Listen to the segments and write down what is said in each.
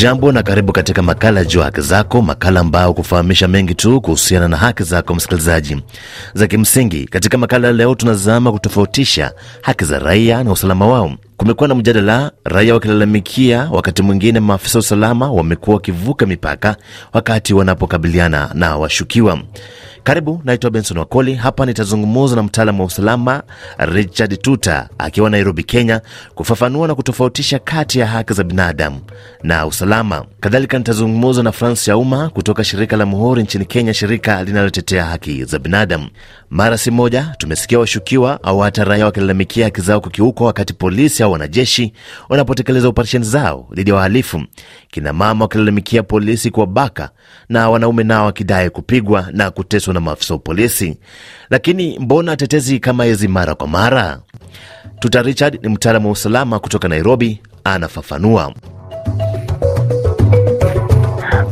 Hujambo na karibu katika makala juu ya haki zako, makala ambayo kufahamisha mengi tu kuhusiana na haki zako msikilizaji, za kimsingi. Katika makala leo, tunazama kutofautisha haki za raia na usalama wao. Kumekuwa na mjadala, raia wakilalamikia wakati mwingine maafisa wa usalama wamekuwa wakivuka mipaka wakati wanapokabiliana na washukiwa. Karibu, naitwa Benson Wakoli. Hapa nitazungumza na mtaalamu wa usalama Richard Tuta akiwa Nairobi, Kenya, kufafanua na kutofautisha kati ya haki za binadamu na usalama. Kadhalika nitazungumza na Francis Yauma kutoka shirika la Muhuri nchini Kenya, shirika linalotetea haki za binadamu. Mara si moja tumesikia washukiwa au hata raia wakilalamikia haki zao kukiukwa wakati polisi au wanajeshi wanapotekeleza operesheni zao dhidi ya wahalifu, kinamama wakilalamikia polisi kuwabaka na wanaume nao wakidai kupigwa na kuteswa kuhusu na maafisa wa polisi, lakini mbona tetezi kama hizi mara kwa mara? Tuta Richard ni mtaalamu wa usalama kutoka Nairobi, anafafanua.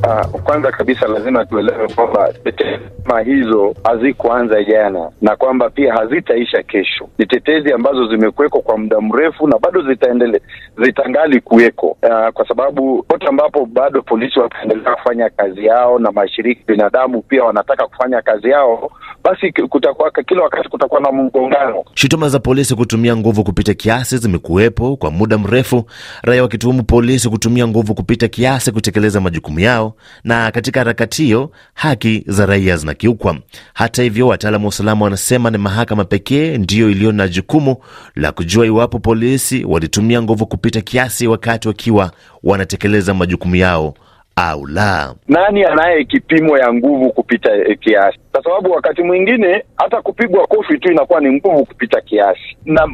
Uh, kwanza kabisa lazima tuelewe kwamba tetema hizo hazikuanza jana na kwamba pia hazitaisha kesho. Ni tetezi ambazo zimekuwekwa kwa muda mrefu na bado zitaendele zitangali kuweko uh, kwa sababu pote ambapo bado polisi wataendelea kufanya kazi yao na mashirika binadamu pia wanataka kufanya kazi yao, basi kutakuwa kila wakati kutakuwa na mgongano. Shutuma za polisi kutumia nguvu kupita kiasi zimekuwepo kwa muda mrefu, raia wakituhumu polisi kutumia nguvu kupita kiasi kutekeleza majukumu yao na katika harakati hiyo haki za raia zinakiukwa. Hata hivyo, wataalamu wa usalama wanasema ni mahakama pekee ndiyo iliyo na jukumu la kujua iwapo polisi walitumia nguvu kupita kiasi wakati wakiwa wanatekeleza majukumu yao au la. Nani anaye kipimo ya nguvu kupita eh, kiasi? Kwa sababu wakati mwingine hata kupigwa kofi tu inakuwa ni nguvu kupita kiasi, na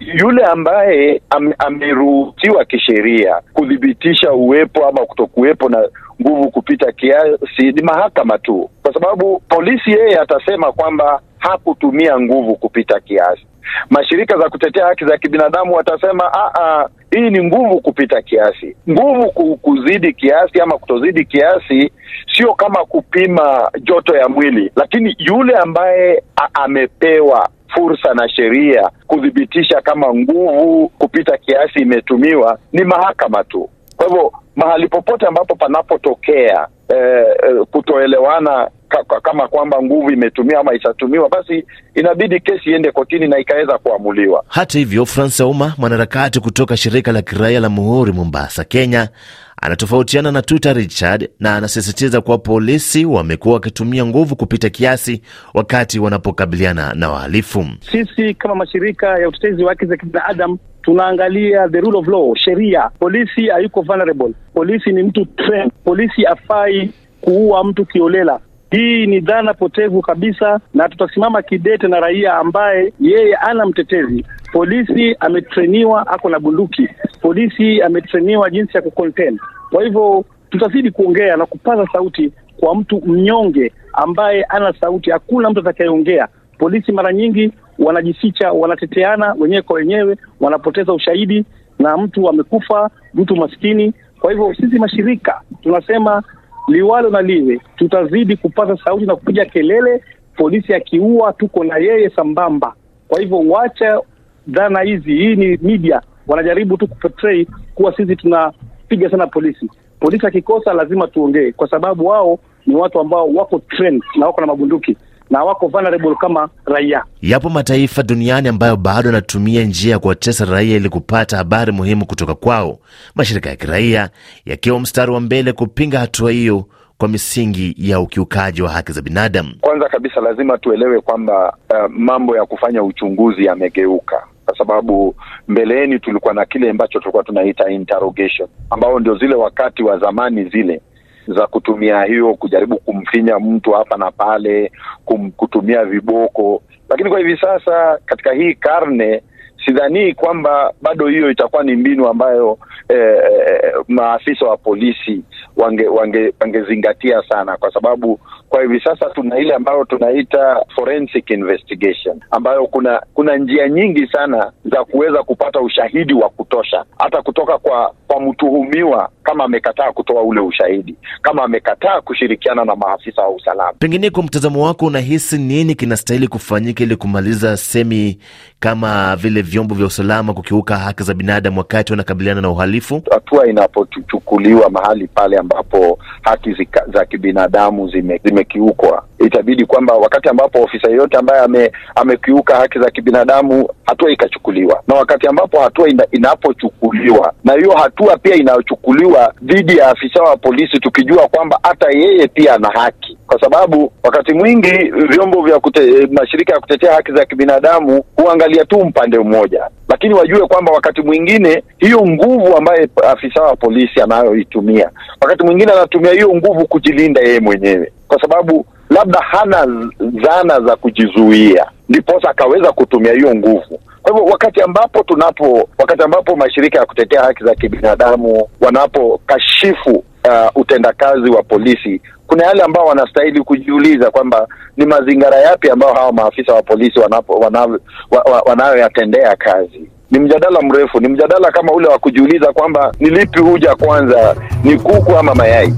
yule ambaye am, ameruhusiwa kisheria kuthibitisha uwepo ama kutokuwepo na nguvu kupita kiasi ni mahakama tu, kwa sababu polisi yeye atasema kwamba hakutumia nguvu kupita kiasi. Mashirika za kutetea haki za kibinadamu watasema ah, ah, hii ni nguvu kupita kiasi. Nguvu kuzidi kiasi ama kutozidi kiasi sio kama kupima joto ya mwili, lakini yule ambaye amepewa fursa na sheria kuthibitisha kama nguvu kupita kiasi imetumiwa ni mahakama tu hivyo mahali popote ambapo panapotokea eh, eh kutoelewana kama kwamba nguvu imetumiwa ama ishatumiwa, basi inabidi kesi iende kotini na ikaweza kuamuliwa. Hata hivyo, fransa Auma, mwanaharakati kutoka shirika la kiraia la Muhuri Mombasa, Kenya, anatofautiana na Tuta Richard na anasisitiza kuwa polisi wamekuwa wakitumia nguvu kupita kiasi wakati wanapokabiliana na wahalifu. Sisi kama mashirika ya utetezi wa haki za kibinadamu tunaangalia the rule of law, sheria. Polisi hayuko vulnerable, polisi ni mtu trained. Polisi afai kuua mtu kiolela. Hii ni dhana potevu kabisa, na tutasimama kidete na raia ambaye yeye ana mtetezi. Polisi ametreniwa, ako na bunduki. Polisi ametreniwa jinsi ya kucontain. Kwa hivyo tutazidi kuongea na kupaza sauti kwa mtu mnyonge ambaye ana sauti. Hakuna mtu atakayeongea. Polisi mara nyingi wanajificha, wanateteana wenyewe kwa wenyewe, wanapoteza ushahidi na mtu amekufa, mtu maskini. Kwa hivyo sisi mashirika tunasema liwalo na liwe, tutazidi kupaza sauti na kupiga kelele. Polisi akiua, tuko na yeye sambamba. Kwa hivyo wacha dhana hizi, hii ni media wanajaribu tu kuportray kuwa sisi tunapiga sana polisi. Polisi akikosa lazima tuongee, kwa sababu wao ni watu ambao wako trend na wako na mabunduki na wako vulnerable kama raia. Yapo mataifa duniani ambayo bado yanatumia njia ya kuwatesa raia ili kupata habari muhimu kutoka kwao, mashirika ya kiraia yakiwa mstari wa mbele kupinga hatua hiyo kwa misingi ya ukiukaji wa haki za binadamu. Kwanza kabisa lazima tuelewe kwamba uh, mambo ya kufanya uchunguzi yamegeuka kwa sababu mbeleni tulikuwa na kile ambacho tulikuwa tunaita interrogation, ambao ndio zile wakati wa zamani zile za kutumia hiyo kujaribu kumfinya mtu hapa na pale kutumia viboko, lakini kwa hivi sasa katika hii karne sidhanii kwamba bado hiyo itakuwa ni mbinu ambayo eh, eh, maafisa wa polisi wange, wange, wangezingatia sana, kwa sababu kwa hivi sasa tuna ile ambayo tunaita forensic investigation ambayo kuna kuna njia nyingi sana za kuweza kupata ushahidi wa kutosha, hata kutoka kwa kwa mtuhumiwa kama amekataa kutoa ule ushahidi, kama amekataa kushirikiana na maafisa wa usalama. Pengine kwa mtazamo wako, unahisi nini kinastahili kufanyika ili kumaliza semi kama vile vyo vyombo vya usalama kukiuka haki za binadamu wakati wanakabiliana na uhalifu? Hatua inapochukuliwa mahali pale ambapo haki zika, za kibinadamu zimekiukwa zime, itabidi kwamba wakati ambapo ofisa yeyote ambaye ame, amekiuka haki za kibinadamu hatua ikachukuliwa, na wakati ambapo hatua ina, inapochukuliwa na hiyo hatua pia inayochukuliwa dhidi ya afisa wa polisi, tukijua kwamba hata yeye pia ana haki, kwa sababu wakati mwingi vyombo vya kute, mashirika ya kutetea haki za kibinadamu huangalia tu mpande mmoja, lakini wajue kwamba wakati mwingine hiyo nguvu ambaye afisa wa polisi anayoitumia, wakati mwingine anatumia hiyo nguvu kujilinda yeye mwenyewe, kwa sababu labda hana zana za kujizuia, ndiposa akaweza kutumia hiyo nguvu. Kwa hivyo wakati ambapo tunapo, wakati ambapo mashirika ya kutetea haki za kibinadamu wanapokashifu uh, utendakazi wa polisi, kuna yale ambao wanastahili kujiuliza kwamba ni mazingira yapi ambayo hawa maafisa wa polisi wanapo, wa, wanayoyatendea kazi ni mjadala mrefu, ni mjadala kama ule wa kujiuliza kwamba ni lipi huja kwanza, ni kuku ama mayai?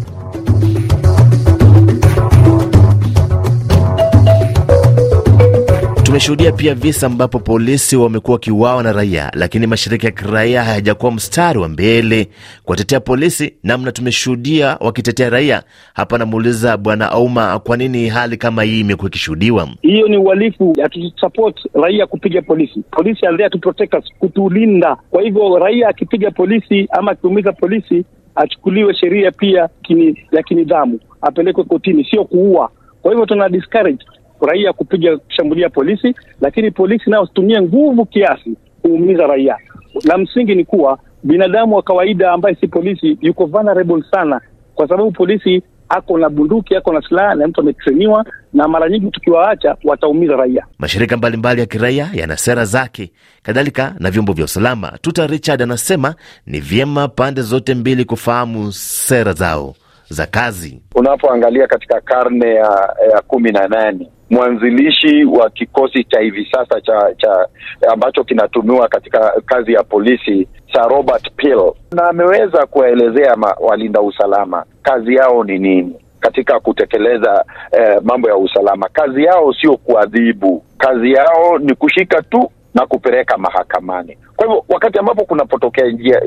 Tumeshuhudia pia visa ambapo polisi wamekuwa wakiuawa na raia, lakini mashirika ya kiraia hayajakuwa mstari wa mbele kuwatetea polisi, namna tumeshuhudia wakitetea raia. Hapa namuuliza Bwana Auma, kwa nini hali kama hii imekuwa ikishuhudiwa? Hiyo ni uhalifu. Hatusupport raia kupiga polisi. Polisi are there to protect us, kutulinda. Kwa hivyo raia akipiga polisi ama akiumiza polisi achukuliwe sheria pia kini, ya kinidhamu apelekwe kotini, sio kuua. Kwa hivyo tuna discourage raia kupiga kushambulia polisi, lakini polisi nao situmie nguvu kiasi kuumiza raia. La msingi ni kuwa binadamu wa kawaida ambaye si polisi yuko vulnerable sana, kwa sababu polisi ako na bunduki, ako na silaha na mtu ametreniwa, na mara nyingi tukiwaacha wataumiza raia. Mashirika mbalimbali ya kiraia yana sera zake, kadhalika na vyombo vya usalama. Tuta Richard anasema ni vyema pande zote mbili kufahamu sera zao za kazi. Unapoangalia katika karne ya, ya kumi na nane mwanzilishi wa kikosi cha hivi sasa cha, cha ambacho kinatumiwa katika kazi ya polisi Sir Robert Peel, na ameweza kuwaelezea walinda usalama kazi yao ni nini katika kutekeleza eh, mambo ya usalama. Kazi yao sio kuadhibu, kazi yao ni kushika tu na kupeleka mahakamani. Kwa hivyo wakati ambapo kunapotokea njia,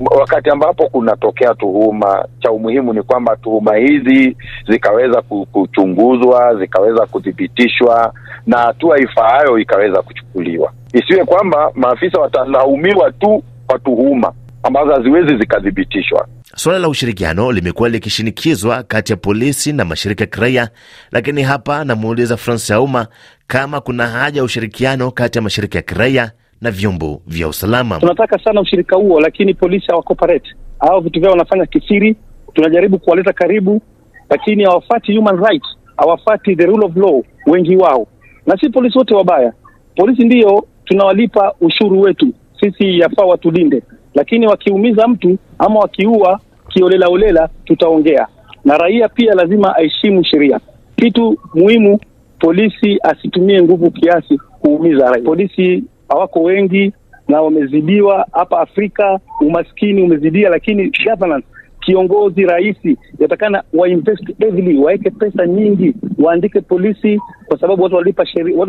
wakati ambapo kunatokea tuhuma, cha umuhimu ni kwamba tuhuma hizi zikaweza kuchunguzwa, zikaweza kuthibitishwa na hatua ifaayo ikaweza kuchukuliwa. Isiwe kwamba maafisa watalaumiwa tu kwa tuhuma ambazo haziwezi zikathibitishwa. Suala la ushirikiano limekuwa likishinikizwa kati ya polisi na mashirika ya kiraia, lakini hapa namuuliza ya Auma kama kuna haja ya ushirikiano kati ya mashirika ya kiraia na vyombo vya usalama. Tunataka sana ushirika huo, lakini polisi hawakoparate, hao vitu vyao wanafanya kisiri. Tunajaribu kuwaleta karibu, lakini hawafati human rights, hawafati the rule of law wengi wao, na si polisi wote wabaya. Polisi ndiyo tunawalipa ushuru wetu sisi, yafaa watulinde, lakini wakiumiza mtu ama wakiua kiolela olela, tutaongea na raia. Pia lazima aheshimu sheria. Kitu muhimu, polisi asitumie nguvu kiasi kuumiza raia. Polisi hawako wengi na wamezidiwa hapa Afrika, umaskini umezidia, lakini governance kiongozi rahisi yatakana wainvest heavily, waweke pesa nyingi, waandike polisi, kwa sababu watu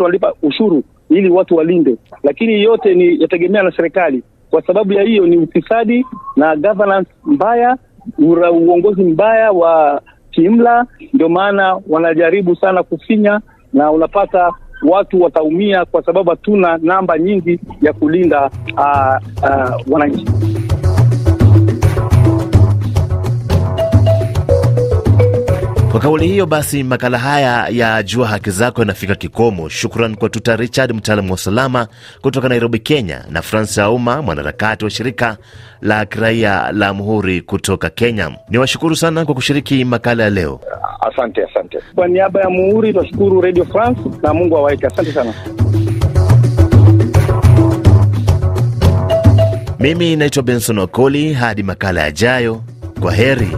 wanalipa ushuru ili watu walinde, lakini yote ni yategemea na serikali. Kwa sababu ya hiyo ni ufisadi na governance mbaya, uongozi mbaya wa kimla ndio maana wanajaribu sana kufinya, na unapata watu wataumia, kwa sababu hatuna namba nyingi ya kulinda uh, uh, wananchi. Kwa kauli hiyo basi, makala haya ya Jua Haki Zako yanafika kikomo. Shukran kwa Tuta Richard, mtaalamu wa usalama kutoka Nairobi, Kenya, na Francis Auma, mwanaharakati wa shirika la kiraia la Muhuri kutoka Kenya. Ni washukuru sana kwa kushiriki makala ya leo. Asante, asante. Kwa niaba ya Muhuri twashukuru Radio France na Mungu awaike. Asante sana. Mimi naitwa Benson Wakoli. Hadi makala yajayo, kwa heri.